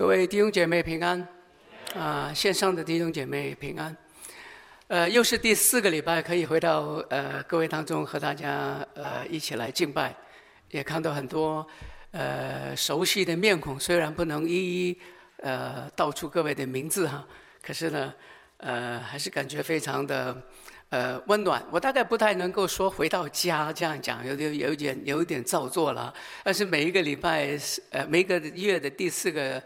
各位弟兄姐妹平安，啊，線上的弟兄姐妹平安，呃，又是第四個禮拜，可以回到呃各位當中和大家呃一起來敬拜，也看到很多呃熟悉的面孔，雖然不能一一呃道出各位的名字哈，可是呢，呃，還是感覺非常的呃溫暖。我大概不太能夠說回到家這樣講，有，有一點有點有點造作了，但是每一個禮拜呃每一個月的第四個。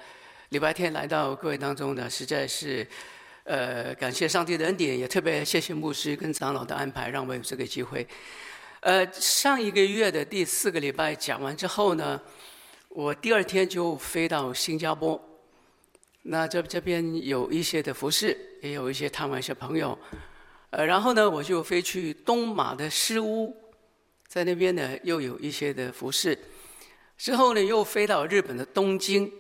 禮拜天來到各位當中呢，實在是，呃，感謝上帝的恩典，也特別謝謝牧師跟長老的安排，讓我有這個機會。呃，上一個月的第四個禮拜講完之後呢，我第二天就飛到新加坡，那這這邊有一些的服侍，也有一些台灣一些朋友。呃，然後呢，我就飛去東馬的詩屋，在那邊呢又有一些的服侍，之後呢又飛到日本的東京。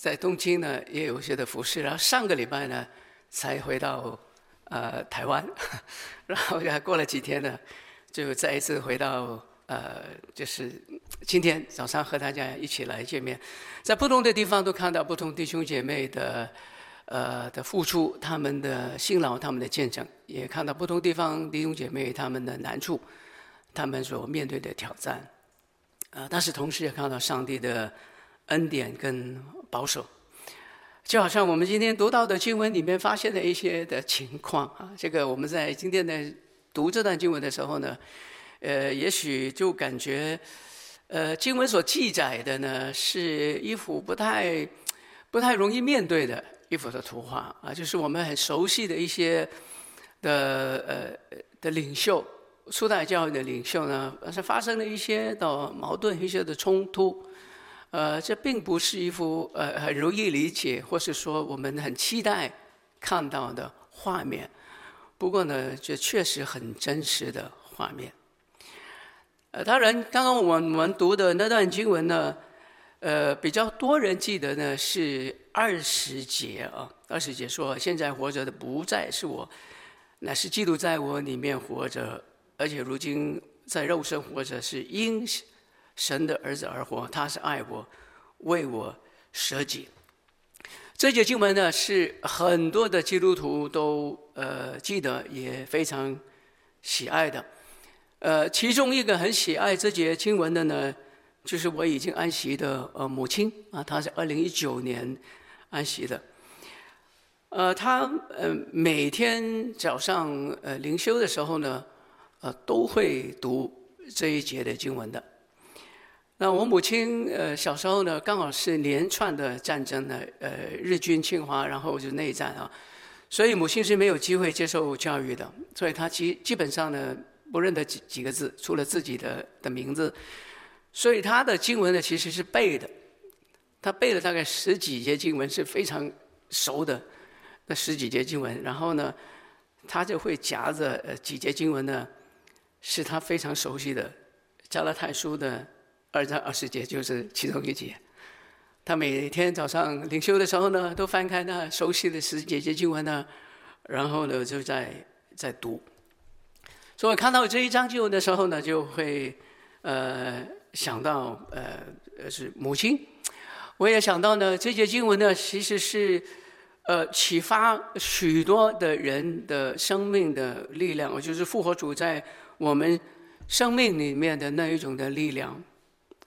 在東京呢，也有一些的服侍。然後上個禮拜呢，才回到呃台灣，然後又過了幾天呢，就再一次回到呃，就是今天早上和大家一起來見面。在不同的地方都看到不同弟兄姐妹的呃的付出，他們的辛勞，他們的見證，也看到不同地方弟兄姐妹他們的難處，他們所面對的挑戰，呃，但是同時也看到上帝的。恩典跟保守，就好像我們今天讀到的經文裡面發現的一些的情況啊。這個我們在今天的讀這段經文的時候呢，呃，也許就感覺，呃，經文所記載的呢，是一幅不太、不太容易面對的一幅的圖畫啊，就是我們很熟悉的一些的呃的領袖，初代教育的領袖呢，是發生了一些的矛盾，一些的衝突。呃，這並不是一幅呃很容易理解，或是說我們很期待看到的畫面。不過呢，這確實很真實的畫面。呃，當然，剛剛我們讀的那段經文呢，呃，比較多人記得呢是二十節啊。二十節說，現在活着的不再是我，乃是基督在我裡面活着，而且如今在肉身活着是因。神的兒子而活，他是愛我，為我捨己。這節經文呢，是很多的基督徒都呃記得也非常喜愛的。呃，其中一個很喜愛這節經文的呢，就是我已經安息的呃母親啊，她是二零一九年安息的。呃，她呃每天早上呃靈修的時候呢，呃都會讀這一節的經文的。那我母親呃小時候呢，剛好是連串的戰爭呢，呃日軍侵華，然後就內戰啊，所以母親是沒有機會接受教育的，所以她基基本上呢不認得幾幾個字，除了自己的的名字，所以她的經文呢其實是背的。她背了大概十幾節經文是非常熟的，那十幾節經文，然後呢，她就會夾着呃幾節經文呢，是她非常熟悉的加拉太書的。二章二十節就是其中一節。他每天早上靈修的時候呢，都翻開那熟悉的十節節經文呢，然後呢就在在讀。所以我看到這一章經文的時候呢，就會呃想到呃是母親。我也想到呢，這節經文呢其實是呃啟發許多的人的生命的力量，就是復活主在我們生命裡面的那一種的力量。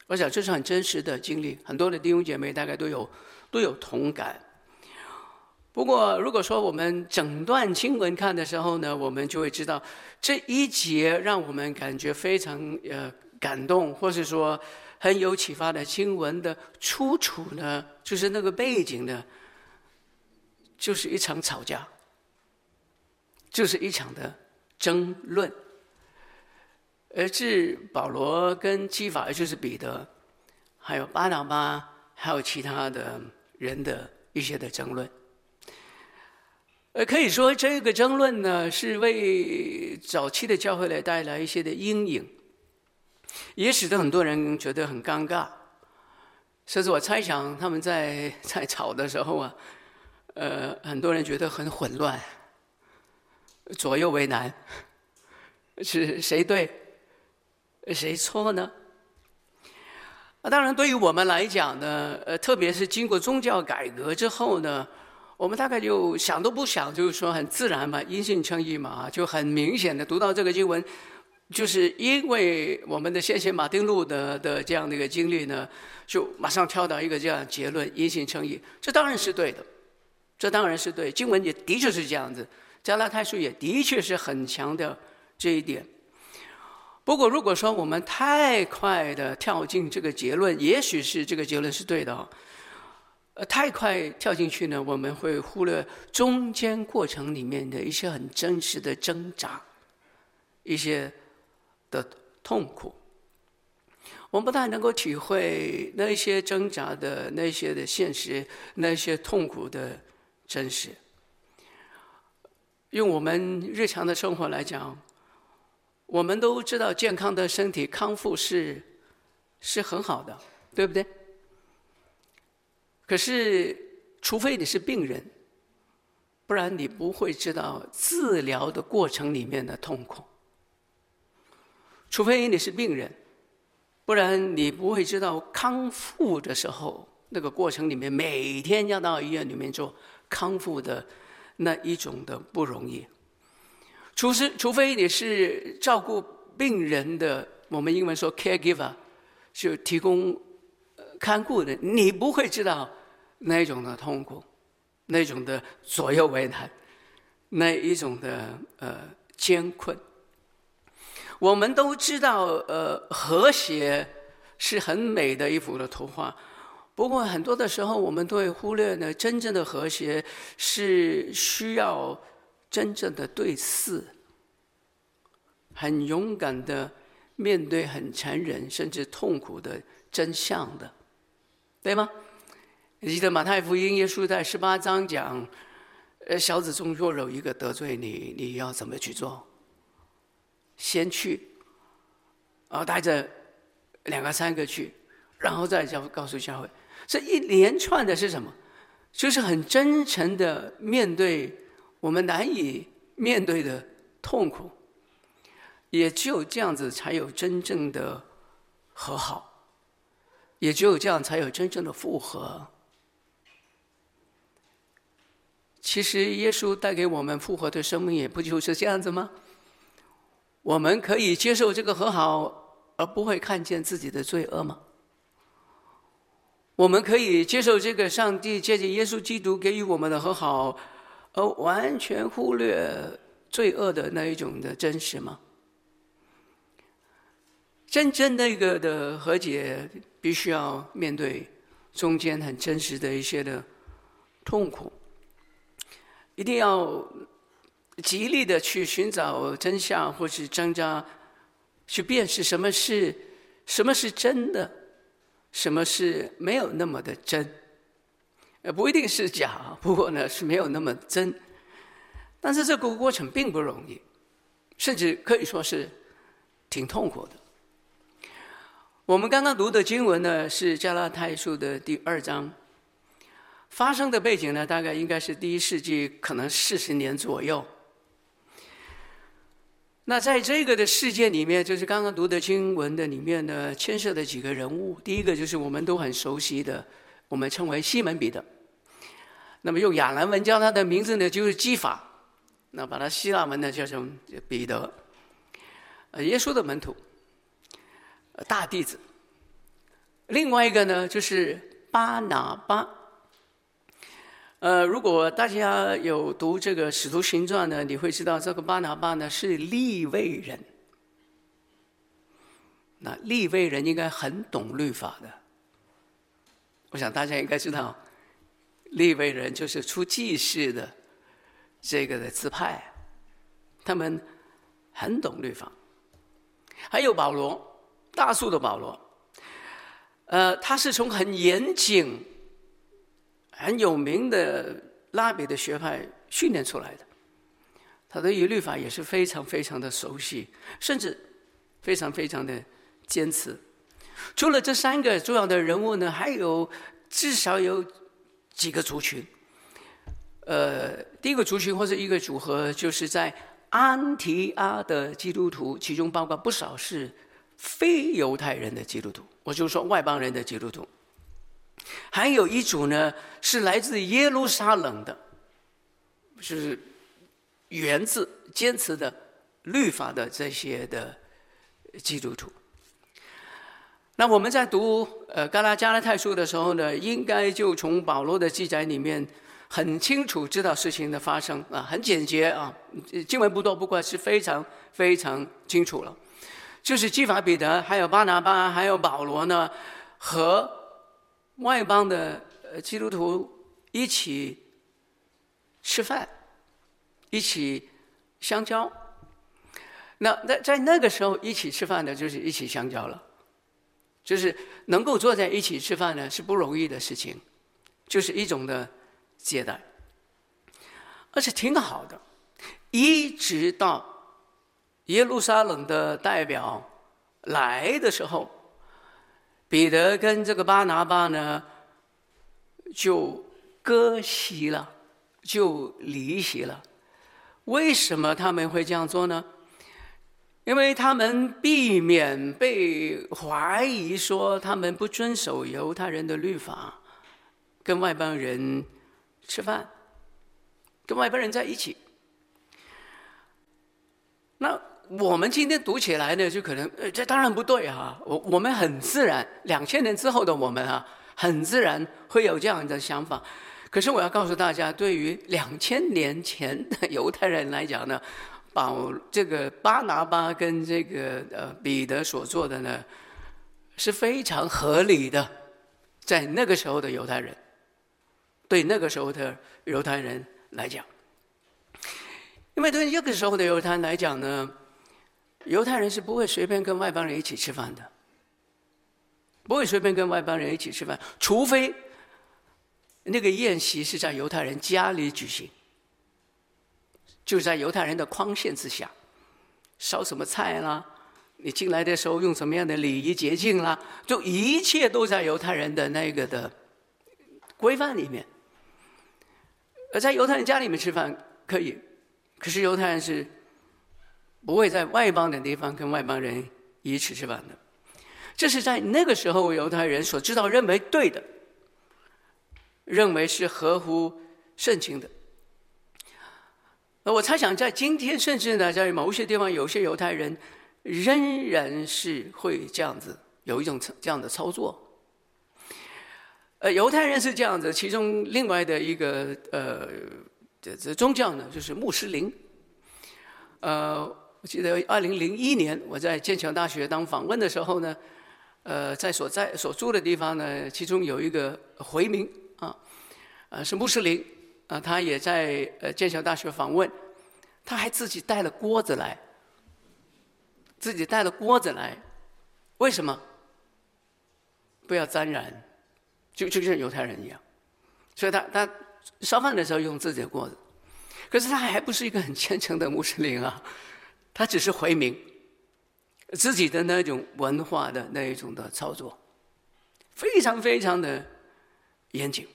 我想這是很真實的經歷，很多的弟兄姐妹大概都有都有同感。不過，如果說我們整段經文看的時候呢，我們就會知道這一節讓我們感覺非常呃感動，或是說很有啟發的經文的出處呢，就是那個背景呢，就是一場吵架，就是一場的爭論。而是保羅跟基法，就是彼得，還有巴拿巴，還有其他的人的一些的爭論。呃，可以說這個爭論呢，是為早期的教會來帶來一些的陰影，也使得很多人覺得很尷尬。甚至我猜想他們在在吵的時候啊，呃，很多人覺得很混亂，左右為難，是誰對？誰錯呢？當然對於我們來講呢，呃，特別是經過宗教改革之後呢，我們大概就想都不想，就是說很自然嘛，因信稱義嘛，就很明顯的讀到這個經文，就是因為我們的先賢馬丁路德的這樣的一個經歷呢，就馬上跳到一個這樣的結論，因信稱義，這當然是對的，這當然是對，經文也的確是這樣子，加拉太書也的確是很強調這一點。不過，如果說我們太快的跳進這個結論，也許是這個結論是對的。呃，太快跳進去呢，我們會忽略中間過程裡面的一些很真實的掙扎，一些的痛苦。我們不太能夠體會那些掙扎的那些的現實，那些痛苦的真實。用我們日常的生活來講。我們都知道，健康的身體康復是是很好的，對不對？可是，除非你是病人，不然你不會知道治療的過程裡面的痛苦；除非你是病人，不然你不會知道康復的時候，那個過程裡面每天要到醫院裡面做康復的那一種的不容易。除非除非你是照顧病人的，我們英文說 caregiver，就提供看顧的，你不會知道那種的痛苦，那種的左右為難，那一種的呃艱困。我們都知道，呃，和諧是很美的一幅的圖畫，不過很多的時候，我們都會忽略呢，真正的和諧是需要。真正的對視，很勇敢的面對很殘忍甚至痛苦的真相的，對嗎？你記得馬太福音耶穌在十八章講，呃，小子中若有一個得罪你，你要怎麼去做？先去，然後帶着兩個三個去，然後再教告訴教會，這一連串的是什麼？就是很真誠的面對。我們難以面對的痛苦，也只有這樣子，才有真正的和好；也只有這樣，才有真正的複合。其實，耶穌帶給我們復活的生命，也不就是這樣子嗎？我們可以接受這個和好，而不會看見自己的罪惡嗎？我們可以接受這個上帝借着耶穌基督給予我們的和好，而完全忽略罪惡的那一種的真實嗎？真正那個的和解，必須要面對中間很真實的一些的痛苦，一定要極力的去尋找真相，或是增加去辨識什麼是什麼是真的，什麼是沒有那麼的真。呃，也不一定是假，不過呢是沒有那麼真。但是這個過程並不容易，甚至可以說是挺痛苦的。我們剛剛讀的經文呢，是加拉太書的第二章。發生的背景呢，大概應該是第一世紀可能四十年左右。那在這個的世界裡面，就是剛剛讀的經文的裡面呢，牽涉的幾個人物，第一個就是我們都很熟悉的。我們稱為西門彼得，那麼用亞蘭文叫他的名字呢，就是磯法，那把它希臘文呢叫成彼得，呃，耶穌的門徒，大弟子。另外一個呢，就是巴拿巴，呃，如果大家有讀這個使徒行傳呢，你會知道這個巴拿巴呢是利未人，那利未人應該很懂律法的。我想大家應該知道，利未人就是出祭司的這個的支派，他們很懂律法。還有保羅，大數的保羅，呃，他是從很嚴謹、很有名的拉比的學派訓練出來的，他對於律法也是非常非常的熟悉，甚至非常非常的堅持。除了這三個重要的人物呢，還有至少有幾個族群。呃，第一個族群或者一個組合，就是在安提阿的基督徒，其中包括不少是非猶太人的基督徒，我就說外邦人的基督徒。還有一組呢，是來自耶路撒冷的，是源自堅持的律法的這些的基督徒。那我們在讀呃《加拉加拉太書》的時候呢，應該就從保羅的記載裡面很清楚知道事情的發生啊，呃，很簡潔啊，經文不多不，不過是非常非常清楚了。就是基法彼得還有巴拿巴還有保羅呢，和外邦的呃基督徒一起吃飯，一起相交。那在在那個時候一起吃飯的就是一起相交了。就是能夠坐在一起吃飯呢，是不容易的事情，就是一種的接待，而且挺好的。一直到耶路撒冷的代表來的時候，彼得跟這個巴拿巴呢就割席了，就離席了。為什麼他們會這樣做呢？因為他們避免，被懷疑說他們不遵守猶太人的律法，跟外邦人吃飯，跟外邦人在一起。那我們今天讀起來呢，就可能呃，這當然不對哈、啊。我我們很自然，兩千年之後的我們啊，很自然會有這樣的想法。可是我要告訴大家，對於兩千年前的猶太人來講呢，保，這個巴拿巴跟這個呃彼得所做的呢，是非常合理的，在那個時候的猶太人，對那個時候的猶太人來講，因為對那個時候的猶太人來講呢，猶太人是不會隨便跟外邦人一起吃飯的，不會隨便跟外邦人一起吃飯，除非那個宴席是在猶太人家裡舉行。就在猶太人的框限之下，燒什麼菜啦？你進來的時候用什麼樣的禮儀潔淨啦？就一切都在猶太人的那個的規範裡面。而在猶太人家裡面吃飯可以，可是猶太人是不會在外邦的地方跟外邦人一起吃飯的。這是在那個時候猶太人所知道、認為對的，認為是合乎聖經的。我猜想，在今天，甚至呢，在某些地方，有些猶太人仍然是會這樣子，有一種這樣的操作。呃，猶太人是這樣子，其中另外的一個呃，這這宗教呢，就是穆斯林。呃，我記得2001年我在劍橋大學當訪問的時候呢，呃，在所在所住的地方呢，其中有一個回民啊，呃，是穆斯林。啊，他也在呃劍橋大學訪問，他還自己帶了鍋子來，自己帶了鍋子來，為什麼？不要沾染，就就像猶太人一樣，所以他他燒飯的時候用自己的鍋子，可是他還不是一個很虔誠的穆斯林啊，他只是回民，自己的那種文化的那一種的操作，非常非常的嚴謹。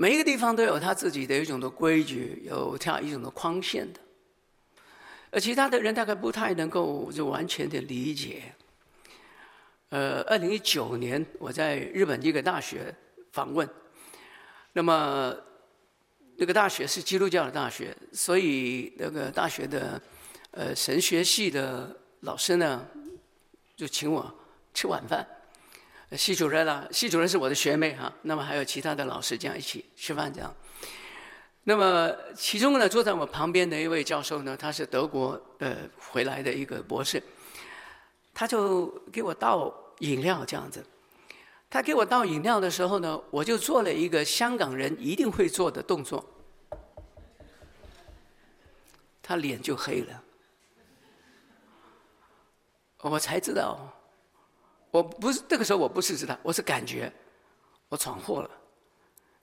每一個地方都有他自己的一種的規矩，有他一種的框限的，而其他的人大概不太能夠就完全的理解。呃，2019年我在日本一個大學訪問，那麼那個大學是基督教的大學，所以那個大學的呃，神學系的老師呢，就請我吃晚飯。系主任啦，啊，系主任是我的學妹哈，啊。那麼還有其他的老師這樣一起吃飯這樣。那麼其中呢，坐在我旁邊的一位教授呢，他是德國呃回來的一個博士，他就給我倒飲料這樣子。他給我倒飲料的時候呢，我就做了一個香港人一定會做的動作，他臉就黑了。我才知道。我不是那個時候我不是知道，我是感覺我闖禍了，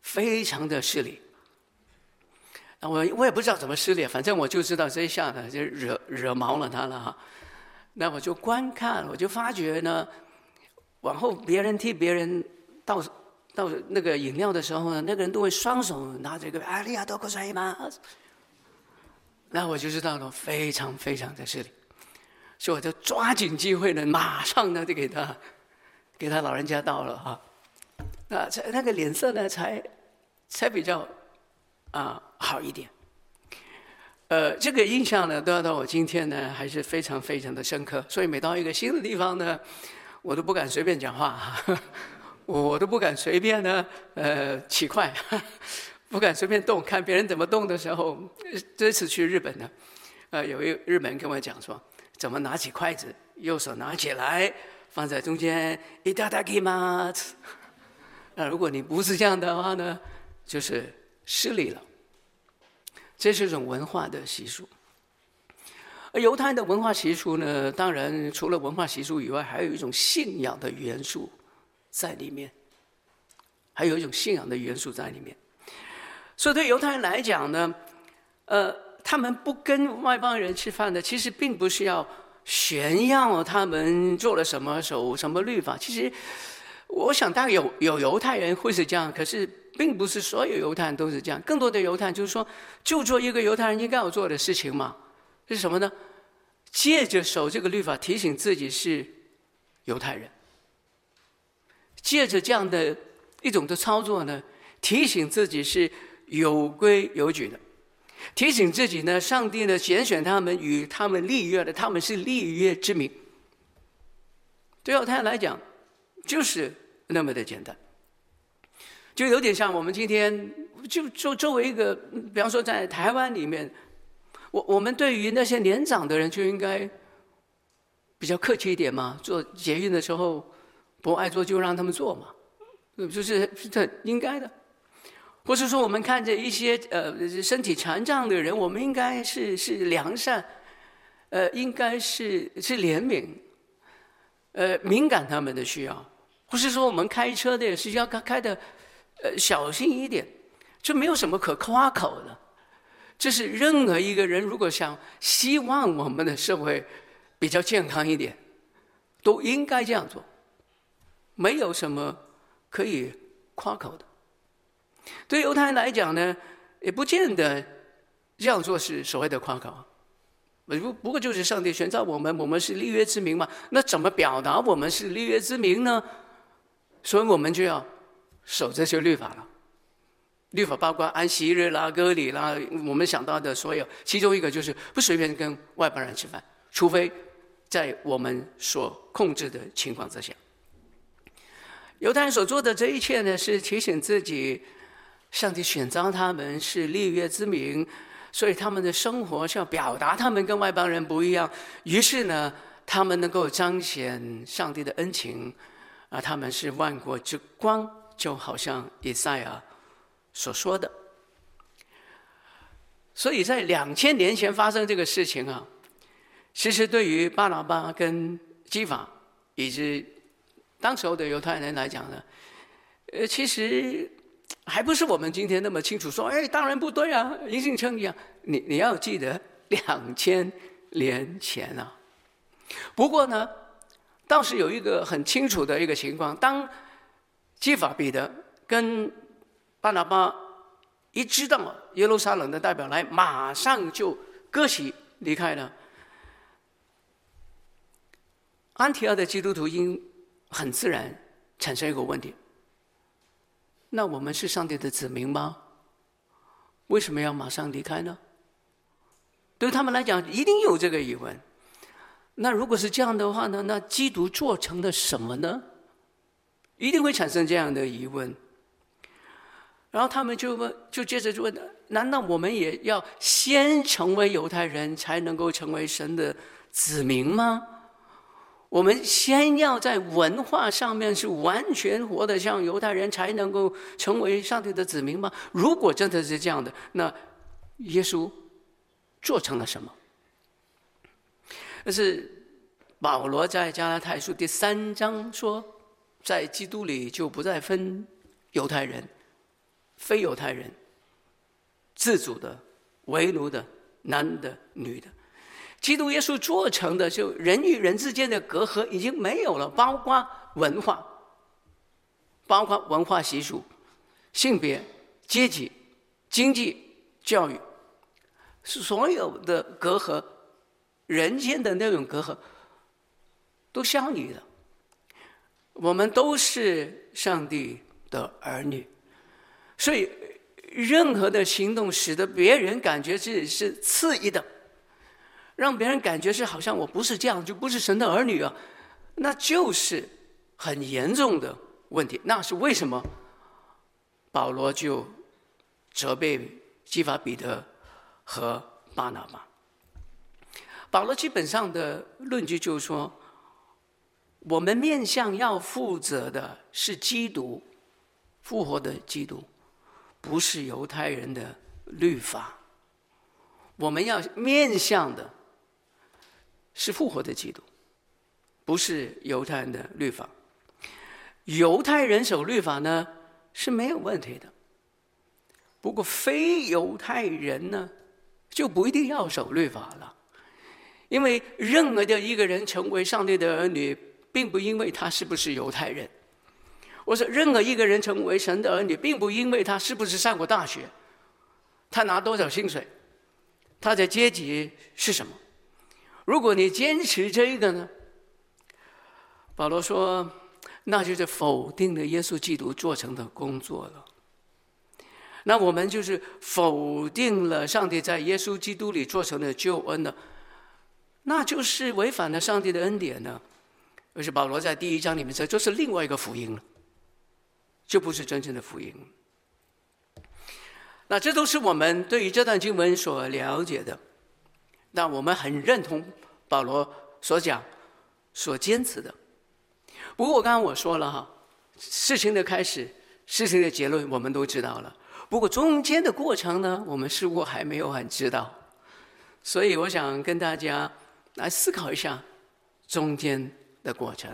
非常的失禮。那我我也不知道怎麼失禮，反正我就知道這一下呢就惹惹毛了他了哈。那我就觀看，我就發覺呢，往後別人替別人倒倒那個飲料的時候呢，那個人都會雙手拿這個“阿里阿多克水嗎？”那我就知道了，非常非常的失禮。所以我就抓緊機會呢，馬上呢就給他，給他老人家倒了哈，那那個臉色呢才才比較啊、呃、好一點。呃，這個印象呢，都要到我今天呢還是非常非常的深刻。所以每到一個新的地方呢，我都不敢隨便講話，我 我都不敢隨便呢呃起筷，奇怪 不敢隨便動，看別人怎麼動的時候。這次去日本呢，呃，有一日本人跟我講說。怎麼拿起筷子？右手拿起來，放在中間。いただきます。那如果你不是這樣的話呢，就是失禮了。這是一種文化的習俗。而猶太人的文化習俗呢，當然除了文化習俗以外，還有一種信仰的元素在裡面，還有一種信仰的元素在裡面。所以對猶太人來講呢，呃。他們不跟外邦人吃飯的，其實並不是要炫耀他們做了什麼守、守什麼律法。其實，我想大概，當然有有猶太人會是這樣，可是並不是所有猶太人都是這樣。更多的猶太人就是說，就做一個猶太人應該要做的事情嘛。是什麼呢？借着守這個律法，提醒自己是猶太人；借着這樣的一種的操作呢，提醒自己是有規有矩的。提醒自己呢，上帝呢揀選他們與他們立約的，他們是立約之民。對猶太來講，就是那麼的簡單，就有點像我們今天就作作為一個，比方說在台灣裡面，我我們對於那些年長的人就應該比較客氣一點嘛，坐捷運的時候不愛坐就讓他們坐嘛，就是是很應該的。不是說，我們看着一些呃身體殘障的人，我們應該是是良善，呃，應該是是憐憫，呃，敏感他們的需要。不是說，我們開車的，也是要開開的，呃，小心一點，這沒有什麼可誇口的。這、就是任何一個人如果想希望我們的社會比較健康一點，都應該這樣做，沒有什麼可以誇口的。對猶太人來講呢，也不見得這樣做是所謂的誇口，不不過就是上帝選召我們，我們是立約之民嘛。那怎麼表達我們是立約之民呢？所以我們就要守這些律法了。律法包括安息日啦、割禮啦，我們想到的所有，其中一個就是不隨便跟外邦人吃飯，除非在我們所控制的情況之下。猶太人所做的這一切呢，是提醒自己。上帝選擇他們是立約之民，所以他們的生活是要表達他們跟外邦人不一樣。於是呢，他們能夠彰顯上帝的恩情，啊，他們是萬國之光，就好像以賽亞所說的。所以在兩千年前發生這個事情啊，其實對於巴拿巴跟基法以及當時候的猶太人來講呢，呃，其實。還不是我們今天那麼清楚說，哎，當然不對啊，因信稱義一樣。你，你要記得兩千年前啊。不過呢，倒是有一個很清楚的一個情況，當基法彼得跟巴拿巴一知道耶路撒冷的代表來，馬上就割席離開了。安提阿的基督徒因很自然產生一個問題。那我們是上帝的子民嗎？為什麼要馬上離開呢？對他們來講，一定有這個疑問。那如果是這樣的話呢，那基督做成了什麼呢？一定會產生這樣的疑問。然後他們就問，就接着就問：難道我們也要先成為猶太人才能夠成為神的子民嗎？我們先要在文化上面是完全活得像猶太人，才能夠成為上帝的子民嗎？如果真的是這樣的，那耶穌做成了什麼？那是保羅在加拉太書第三章說，在基督裡就不再分猶太人、非猶太人、自主的、為奴的、男的、女的。基督耶穌做成的，就人與人之間的隔閡已經沒有了，包括文化、包括文化習俗、性別、階級、經濟、教育，所有的隔閡，人間的那種隔閡，都消弭了。我們都是上帝的兒女，所以任何的行動使得別人感覺自己是次一的。讓別人感覺是好像我不是這樣，就不是神的兒女啊，那就是很嚴重的問題。那是為什麼保羅就責備磯法彼得和巴拿巴？保羅基本上的論據就是說，我們面向要負責的是基督，復活的基督，不是猶太人的律法。我們要面向的。是復活的基督，不是猶太人的律法。猶太人守律法呢，是沒有問題的，不過非猶太人呢，就不一定要守律法了，因為任何的一個人成為上帝的兒女，並不因為他是不是猶太人。我說任何一個人成為神的兒女，並不因為他是不是上過大學，他拿多少薪水，他的階級是什麼。如果你堅持這個呢，保羅說，那就是否定了耶穌基督做成的工作了。那我們就是否定了上帝在耶穌基督裡做成的救恩了，那就是違反了上帝的恩典呢？而是保羅在第一章裡面說，這是另外一個福音了，就不是真正的福音。那這都是我們對於這段經文所了解的。但我們很認同保羅所講、所堅持的。不過，剛剛我說了哈，事情的開始、事情的結論我們都知道了，不過中間的過程呢，我們似乎還沒有很知道。所以，我想跟大家來思考一下中間的過程。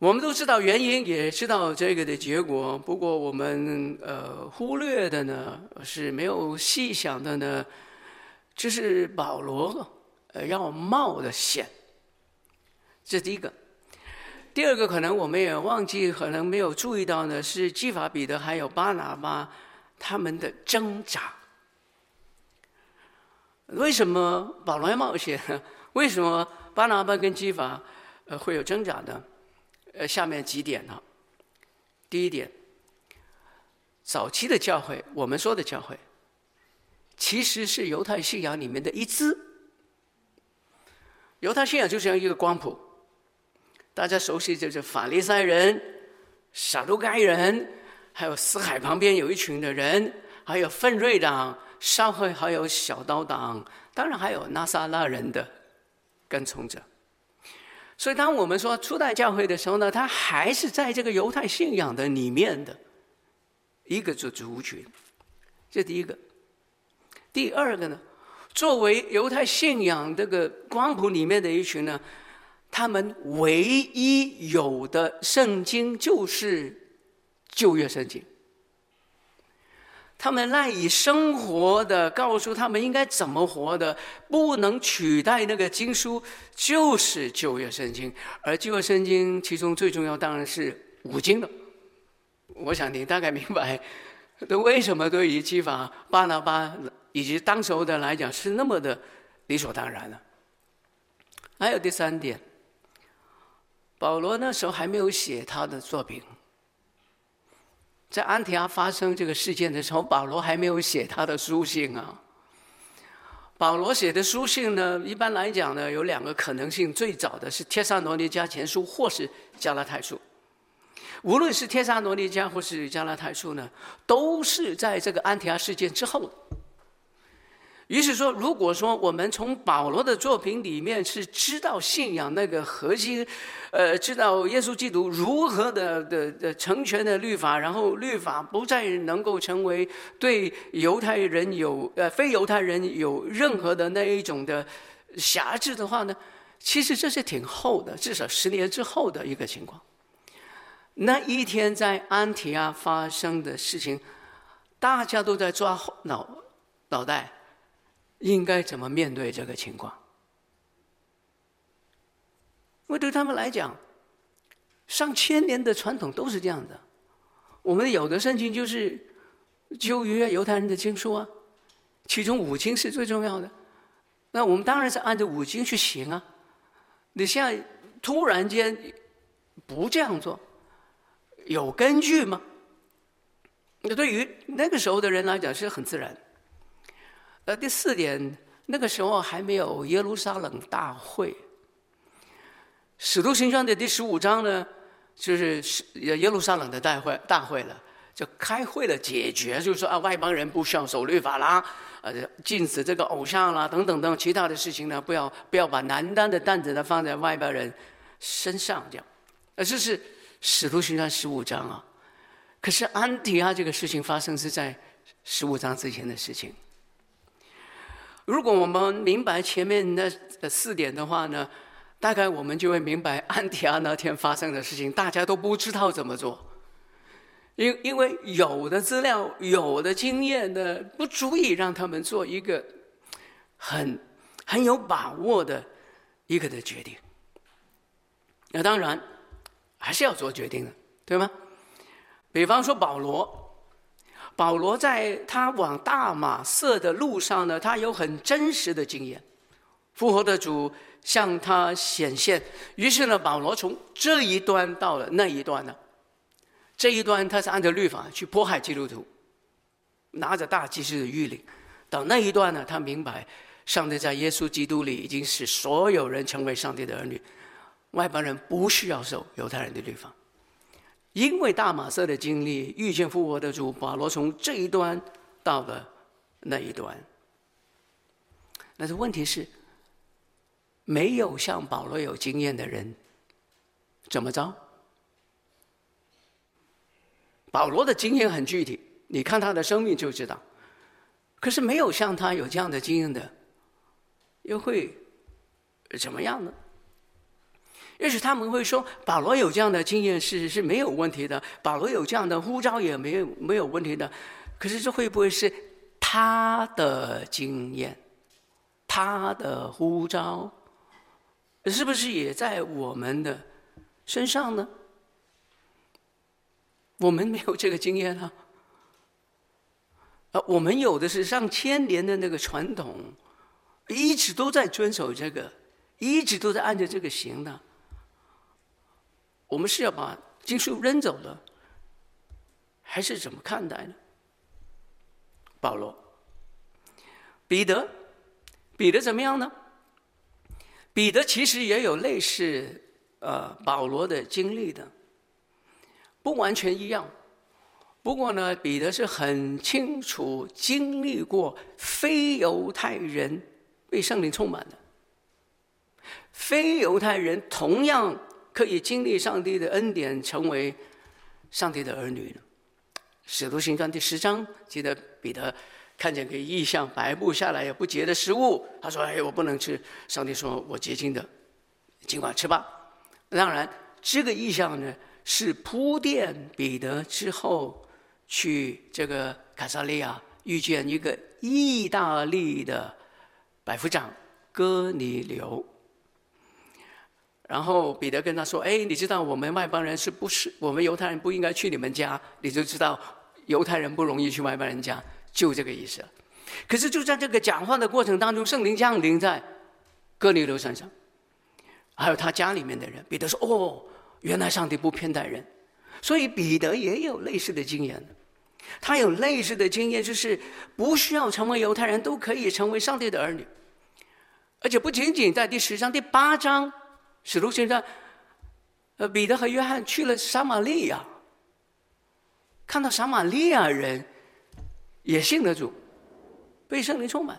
我們都知道原因，也知道這個的結果，不過我們呃忽略的呢，是沒有細想的呢。這是保羅呃要冒的險，這是第一個。第二個可能我們也忘記，可能沒有注意到呢，是磯法、彼得還有巴拿巴他們的掙扎。為什麼保羅要冒險呢？為什麼巴拿巴跟磯法呃會有掙扎呢？呃，下面幾點呢。第一點，早期的教會，我們說的教會其實是猶太信仰裡面的一支。猶太信仰就像一個光譜，大家熟悉就是法利賽人、撒都該人，還有死海旁邊有一群的人，還有奮銳黨、上會，還有小刀黨，當然還有拿撒勒人的跟從者。所以，當我們說初代教會的時候呢，他還是在這個猶太信仰的裡面的一個組族群，這第一個。第二個呢，作為猶太信仰這個光譜裡面的一群呢，他們唯一有的聖經就是舊約聖經。他們賴以生活的、告訴他們應該怎麼活的、不能取代那個經書就是舊約聖經。而舊約聖經其中最重要當然是五經了。我想你大概明白，為什麼對於磯法巴拿巴。以及當時的來講是那麼的理所當然的。還有第三點，保羅那時候還沒有寫他的作品。在安提阿發生這個事件的時候，保羅還沒有寫他的書信啊。保羅寫的書信呢，一般來講呢，有兩個可能性：最早的是《帖撒羅尼迦前書》或是《加拉太書》。無論是《帖撒羅尼迦》或是《加拉太書》呢，都是在這個安提阿事件之後。於是說，如果說我們從保羅的作品裡面是知道信仰那個核心，呃，知道耶穌基督如何的的，的成全的律法，然後律法不再能夠成為對猶太人有呃非猶太人有任何的那一種的轄制的話呢，其實這是挺厚的，至少十年之後的一個情況。那一天在安提阿發生的事情，大家都在抓腦腦袋。應該怎麼面對這個情況？我對他們來講，上千年的傳統都是這樣的。我們有的聖經就是舊約猶太人的經書啊，其中五經是最重要的。那我們當然是按照五經去行啊。你現在突然間不這樣做，有根據嗎？那對於那個時候的人來講，是很自然。呃，第四點，那個時候還沒有耶路撒冷大會。使徒行傳的第十五章呢，就是耶耶路撒冷的大會，大會了，就開會了解決，就是說啊，外邦人不需要守律法啦，呃、啊，禁止這個偶像啦，等等等其他的事情呢，不要不要把難擔的擔子呢放在外邦人身上這樣。呃，這是使徒行傳十五章啊。可是安提阿這個事情發生是在十五章之前的事情。如果我們明白前面那四點的話呢，大概我們就會明白安提阿那天發生的事情，大家都不知道怎麼做。因因為有的資料、有的經驗呢，不足以讓他們做一個很很有把握的一個的決定。那當然還是要做決定的，對嗎？比方說保羅。保羅在他往大馬色的路上呢，他有很真實的經驗。復活的主向他顯現，於是呢，保羅從這一端到了那一端呢，這一端他是按照律法去迫害基督徒，拿着大祭司的御令；到那一段呢，他明白，上帝在耶穌基督裡已經使所有人成為上帝的兒女，外邦人不需要受猶太人的律法。因為大馬色的經歷，遇見復活的主，保羅從這一端到了那一端。但是問題是，沒有像保羅有經驗的人，怎麼着？保羅的經驗很具體，你看他的生命就知道。可是沒有像他有這樣的經驗的，又會怎麼樣呢？也許他們會說，保羅有這樣的經驗是是沒有問題的，保羅有這樣的呼召也沒有沒有問題的。可是這會不會是他的經驗，他的呼召，是不是也在我們的身上呢？我們沒有這個經驗了、啊。我們有的是上千年的那個傳統，一直都在遵守這個，一直都在按照這個行的。我們是要把經書扔走了，還是怎麼看待呢？保羅、彼得、彼得怎麼樣呢？彼得其實也有類似呃保羅的經歷的，不完全一樣。不過呢，彼得是很清楚經歷過非猶太人被聖靈充滿的，非猶太人同樣可以經歷上帝的恩典，成為上帝的兒女。使徒行傳第十章，記得彼得看見一個異象，白布下來有不潔的食物，他說：“哎，我不能吃。”上帝說：“我潔淨的，盡管吃吧。”當然，這個異象呢，是鋪墊彼得之後去這個卡薩利亞遇見一個意大利的百夫長哥尼流。然後彼得跟他說：“哎，你知道我們外邦人是不是我們猶太人不應該去你們家？你就知道猶太人不容易去外邦人家，就這個意思。可是就在這個講話的過程當中，聖靈降臨在哥尼流身上，還有他家裡面的人。彼得說：‘哦，原來上帝不偏待人。’所以彼得也有類似的經驗，他有類似的經驗，就是不需要成為猶太人都可以成為上帝的兒女，而且不僅僅在第十章、第八章。”使徒行傳，呃，彼得和約翰去了撒瑪利亞，看到撒瑪利亞人也信了主，被聖靈充滿。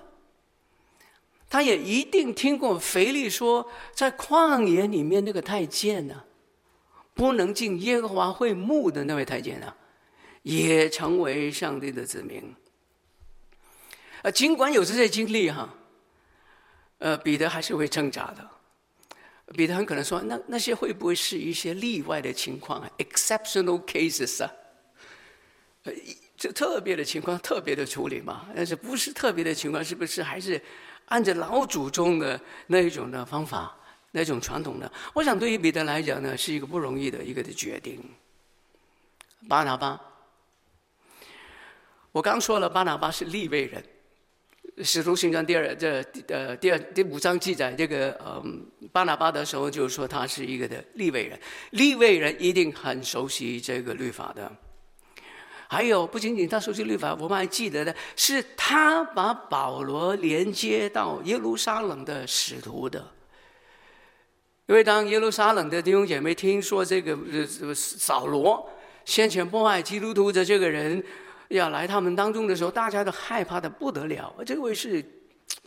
他也一定聽過腓力說，在曠野裡面那個太監呢，不能進耶和華會幕的那位太監呢，也成為上帝的子民。儘管有這些經歷哈，呃，彼得還是會掙扎的。彼得很可能說：“那那些會不會是一些例外的情況啊？exceptional cases 啊？這特別的情況，特別的處理嘛。但是不是特別的情況，是不是還是按照老祖宗的那一種的方法，那種傳統的？我想，對於彼得來講呢，是一個不容易的一個的決定。”巴拿巴，我剛說了，巴拿巴是利未人。使徒行傳第二這呃第二，第，二第五章記載這個嗯巴拿巴的時候就是說，他是一個的利未人，利未人一定很熟悉這個律法的。還有不僅僅他熟悉律法，我們還記得的是他把保羅連接到耶路撒冷的使徒的，因為當耶路撒冷的弟兄姐妹聽說這個呃掃羅先前迫害基督徒的這個人，要來他們當中的時候，大家都害怕的不得了。這位是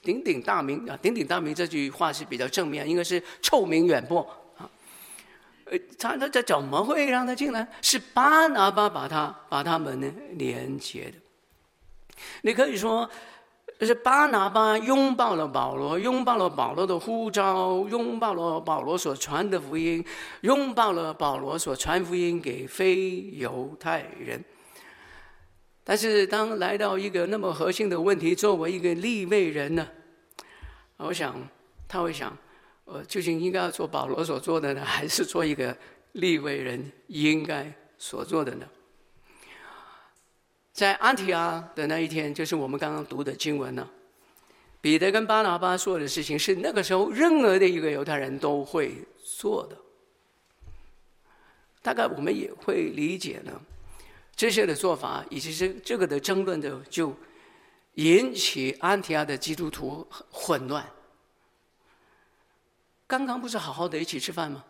鼎鼎大名啊！鼎鼎大名這句話是比較正面，應該是臭名遠播啊。他他他怎麼會讓他進來？是巴拿巴把他把他們呢連接的。你可以說，是巴拿巴擁抱了保羅，擁抱了保羅的呼召，擁抱了保羅所傳的福音，擁抱了保羅所傳福音給非猶太人。但是，當來到一個那麼核心的問題，作為一個利未人呢，我想他會想：我、呃、究竟應該做保羅所做的呢，還是做一個利未人應該所做的呢？在安提阿的那一天，就是我們剛剛讀的經文呢，彼得跟巴拿巴說的事情，是那個時候任何的一個猶太人都會做的，大概我們也會理解呢。這些的做法以及這這個的爭論的，就引起安提阿的基督徒混亂。剛剛不是好好的一起吃飯嗎？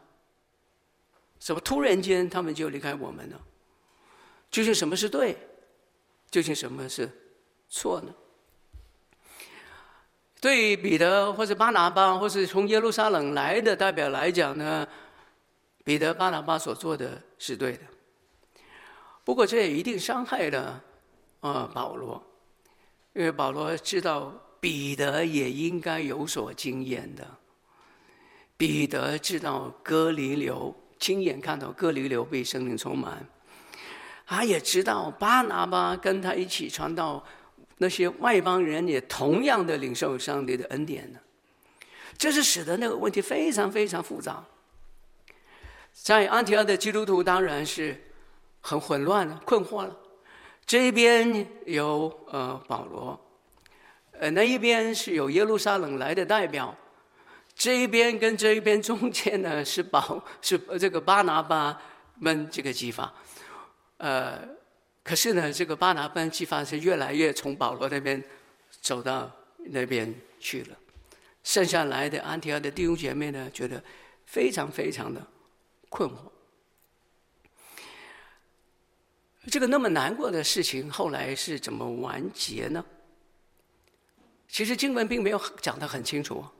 怎麼突然間他們就離開我們了？究竟什麼是對？究竟什麼是錯呢？對於彼得或是巴拿巴或是從耶路撒冷來的代表來講呢，彼得巴拿巴所做的是對的。不過這也一定傷害了啊保羅，因為保羅知道彼得也應該有所經驗的。彼得知道哥尼流，親眼看到哥尼流被聖靈充滿，他也知道巴拿巴跟他一起傳道，那些外邦人也同樣的領受上帝的恩典呢，這是使得那個問題非常非常複雜。在安提阿的基督徒當然是，很混亂了，困惑了。這一邊有呃保羅，呃那一邊是有耶路撒冷來的代表。這一邊跟這一邊中間呢是保是這個巴拿巴們這個磯法，呃，可是呢這個巴拿巴磯法是越來越從保羅那邊走到那邊去了。剩下來的安提阿的弟兄姐妹呢，覺得非常非常的困惑。這個那麼難過的事情後來是怎麼完結呢？其實經文並沒有講得很清楚啊，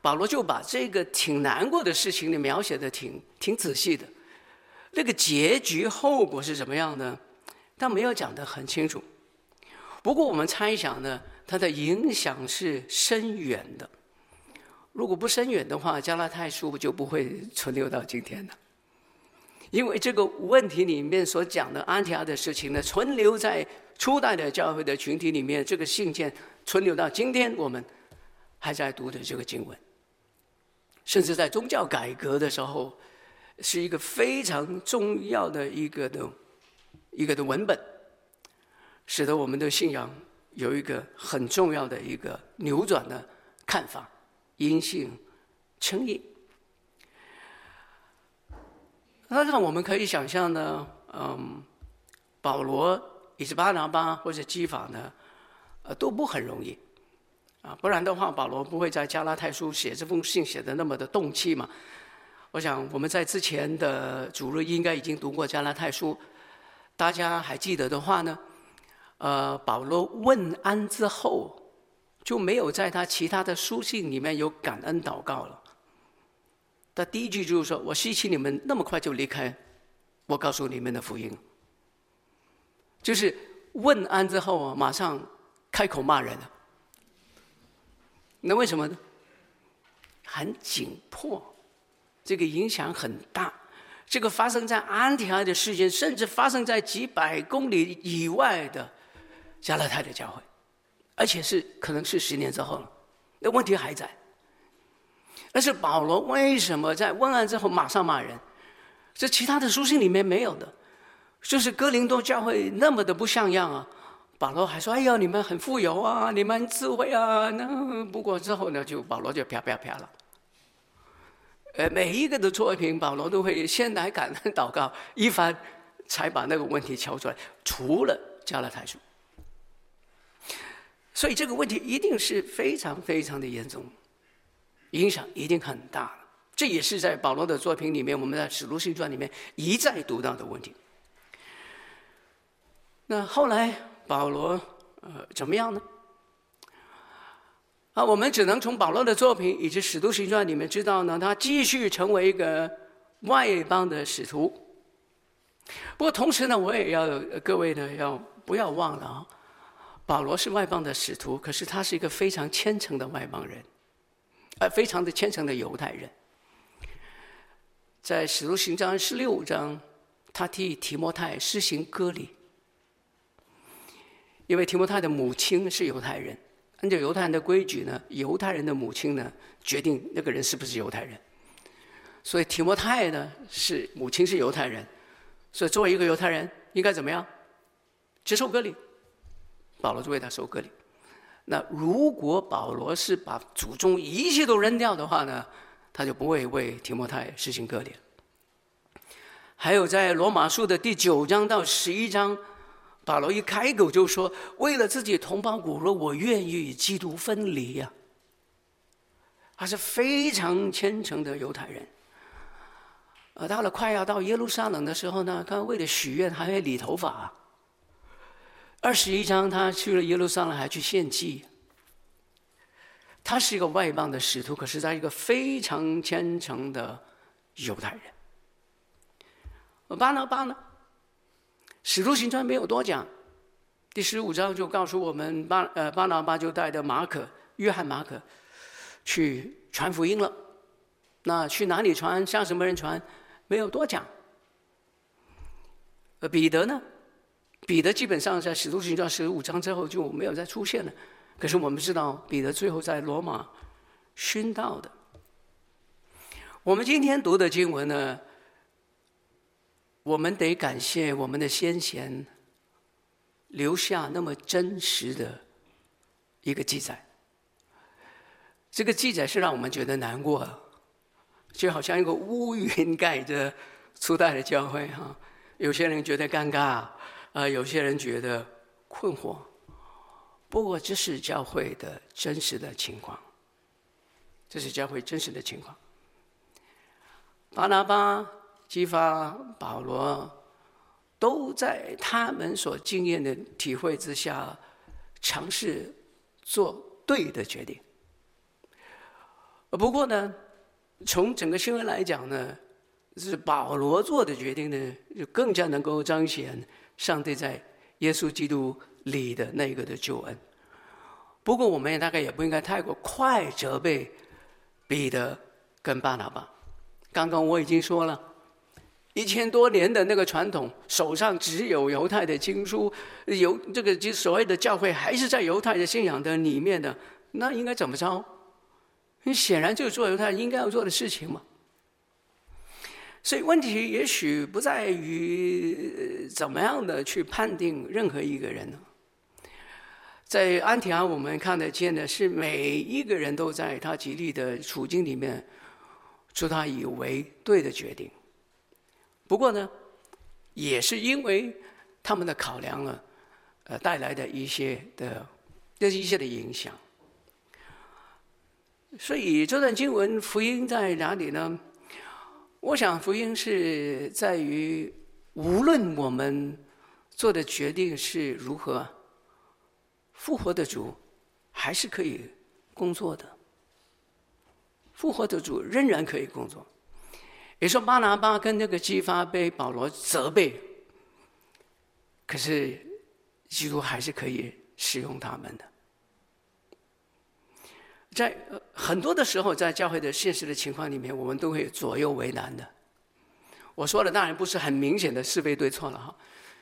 保羅就把這個挺難過的事情，你描寫得挺挺仔細的，那個結局後果是什麼樣的，他沒有講得很清楚。不過我們猜想呢，它的影響是深遠的。如果不深遠的話，加拉太書就不會存留到今天了。因為這個問題裡面所講的安提阿的事情呢，存留在初代的教會的群體裡面，這個信件存留到今天我們還在讀的這個經文，甚至在宗教改革的時候，是一個非常重要的一個的、一個的文本，使得我們的信仰有一個很重要的一個扭轉的看法，因信稱義。那讓我們可以想象呢，嗯，保羅以及巴拿巴或者磯法呢，呃，都不很容易，啊，不然的話保羅不會在加拉太書寫這封信寫得那麼的動氣嘛。我想我們在之前的主日應該已經讀過加拉太書，大家還記得的話呢，呃，保羅問安之後就沒有在他其他的書信裡面有感恩禱告了。他第一句就是說：“我希奇你們那麼快就離開，我告訴你們的福音。”就是問安之後啊，馬上開口罵人了。那為什麼呢？很緊迫，這個影響很大。這個發生在安提阿的事件，甚至發生在幾百公里以外的加拉太的教會，而且是可能是十年之後了。那問題還在。那是保羅為什麼在問安之後馬上罵人？這其他的書信裡面沒有的，就是哥林多教會那麼的不像樣啊！保羅還說：“哎呀，你們很富有啊，你們智慧啊。”那不過之後呢，就保羅就啪啪啪，啪了。呃，每一個的作品，保羅都會先來感恩禱告一番，才把那個問題敲出來，除了加拉太書。所以這個問題一定是非常非常的嚴重。影響一定很大了，這也是在保羅的作品裡面，我們在《使徒行傳》裡面一再讀到的問題。那後來保羅呃怎麼樣呢？啊，我們只能從保羅的作品以及《使徒行傳》裡面知道呢，他繼續成為一個外邦的使徒。不過同時呢，我也要、呃、各位呢，要不要忘了啊？保羅是外邦的使徒，可是他是一個非常虔誠的外邦人。呃，非常的虔誠的猶太人，在使徒行傳十六章，他替提摩太施行割禮，因為提摩太的母親是猶太人，按照猶太人的規矩呢，猶太人的母親呢決定那個人是不是猶太人，所以提摩太呢是母親是猶太人，所以作為一個猶太人應該怎麼樣？接受割禮，保羅就為他受割禮。那如果保羅是把祖宗一切都扔掉的話呢，他就不會為提摩太實行割禮。還有在羅馬書的第九章到十一章，保羅一開口就說：“為了自己同胞骨肉，我願意與基督分離呀、啊。”他是非常虔誠的猶太人。呃，到了快要到耶路撒冷的時候呢，他為了許願，還要理頭髮。二十一章，他去了耶路撒冷，還去獻祭。他是一個外邦的使徒，可是他一個非常虔誠的猶太人。巴拿巴呢？使徒行傳沒有多講。第十五章就告訴我們巴、呃，巴呃巴拿巴就帶着馬可、約翰馬可去傳福音了。那去哪裡傳，向什麼人傳，沒有多講。而彼得呢？彼得基本上在使徒行傳十五章之後就沒有再出現了。可是我們知道，彼得最後在羅馬殉道的。我們今天讀的經文呢，我們得感謝我們的先賢留下那麼真實的一個記載。這個記載是讓我們覺得難過，就好像一個烏雲蓋着初代的教會哈，有些人覺得尷尬。啊、呃，有些人覺得困惑。不過，這是教會的真實的情況。這是教會真實的情況。巴拿巴、磯法、保羅，都在他們所經驗的體會之下，嘗試做對的決定。不過呢，從整個新聞來講呢，是保羅做的決定呢，就更加能夠彰顯。上帝在耶穌基督裡的那個的救恩，不過我們也大概也不應該太過快責備彼得跟巴拿巴。剛剛我已經說了，一千多年的那個傳統，手上只有猶太的經書，猶這個就所謂的教會還是在猶太的信仰的裡面的，那應該怎麼着？你顯然就是做猶太應該要做的事情嘛。所以問題也許不在於怎麼樣的去判定任何一個人呢？在安提阿，我們看得見的是每一個人都在他極力的處境裡面，做他以為對的決定。不過呢，也是因為他們的考量了、啊，呃，帶來的一些的，這是一些的影響。所以這段經文福音在哪裡呢？我想福音是在於，無論我們做的決定是如何，復活的主還是可以工作的，復活的主仍然可以工作。也說巴拿巴跟那個磯法被保羅責備，可是基督還是可以使用他們的。在很多的時候，在教會的現實的情況裡面，我們都會左右為難的。我說的當然不是很明顯的是非對錯了哈，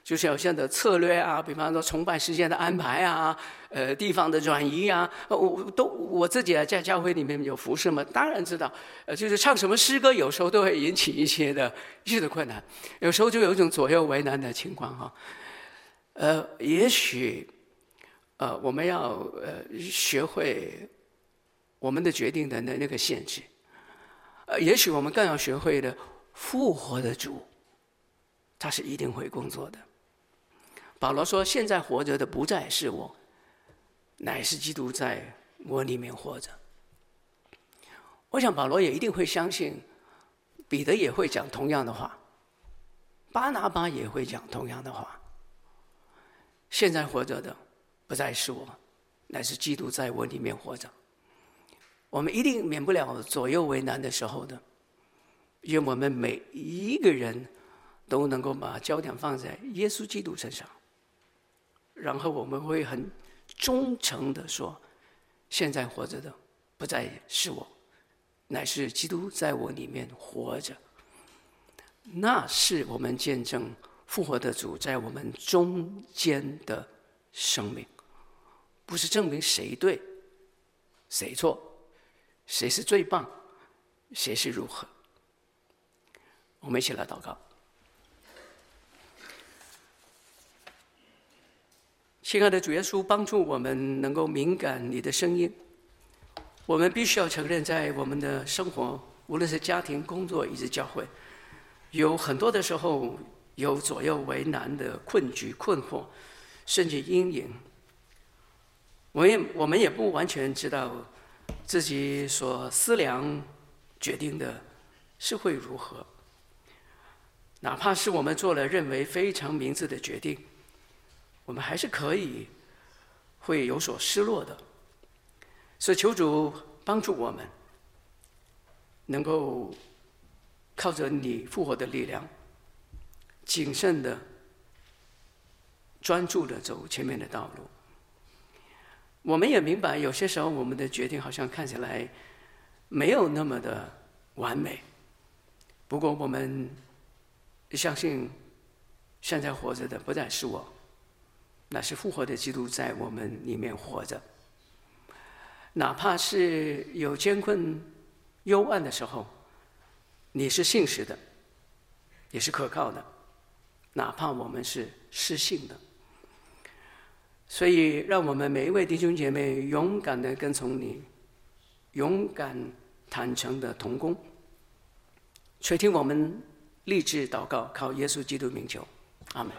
就是有些的策略啊，比方說崇拜時間的安排啊，呃，地方的轉移啊，我都我自己、啊、在教會裡面有服侍嘛，當然知道。呃，就是唱什麼詩歌，有時候都會引起一些的一些的困難，有時候就有一種左右為難的情況哈、啊。呃，也許呃，我們要呃學會。我們的決定的那那個限制，呃，也許我們更要學會的，復活的主，他是一定會工作的。保羅說：“現在活着的不再是我，乃是基督在我裡面活着。”我想保羅也一定會相信，彼得也會講同樣的話，巴拿巴也會講同樣的話。現在活着的不再是我，乃是基督在我裡面活着。我們一定免不了左右為難的時候的，願我們每一個人都能夠把焦點放在耶穌基督身上。然後我們會很忠誠的說：“現在活着的，不再是我，乃是基督在我裡面活着。”那是我們見證復活的主在我們中間的生命，不是證明誰對，誰錯。誰是最棒？誰是如何？我們一起來禱告。親愛的主耶穌，幫助我們能夠敏感你的聲音。我們必須要承認，在我們的生活，無論是家庭、工作，以及教會，有很多的時候有左右為難的困局、困惑，甚至陰影。我也我們也不完全知道。自己所思量決定的是會如何，哪怕是我們做了認為非常明智的決定，我們還是可以會有所失落的。所以求主幫助我們，能夠靠着你復活的力量，謹慎的、專注的走前面的道路。我們也明白，有些時候我們的決定好像看起來沒有那麼的完美。不過，我們相信現在活着的不再是我，那是復活的基督在我們裡面活着。哪怕是有艱困、幽暗的時候，你是信實的，也是可靠的。哪怕我們是失信的。所以，讓我們每一位弟兄姐妹勇敢的跟從你，勇敢、坦誠的同工，垂聽我們立志禱告，靠耶穌基督名求，阿門。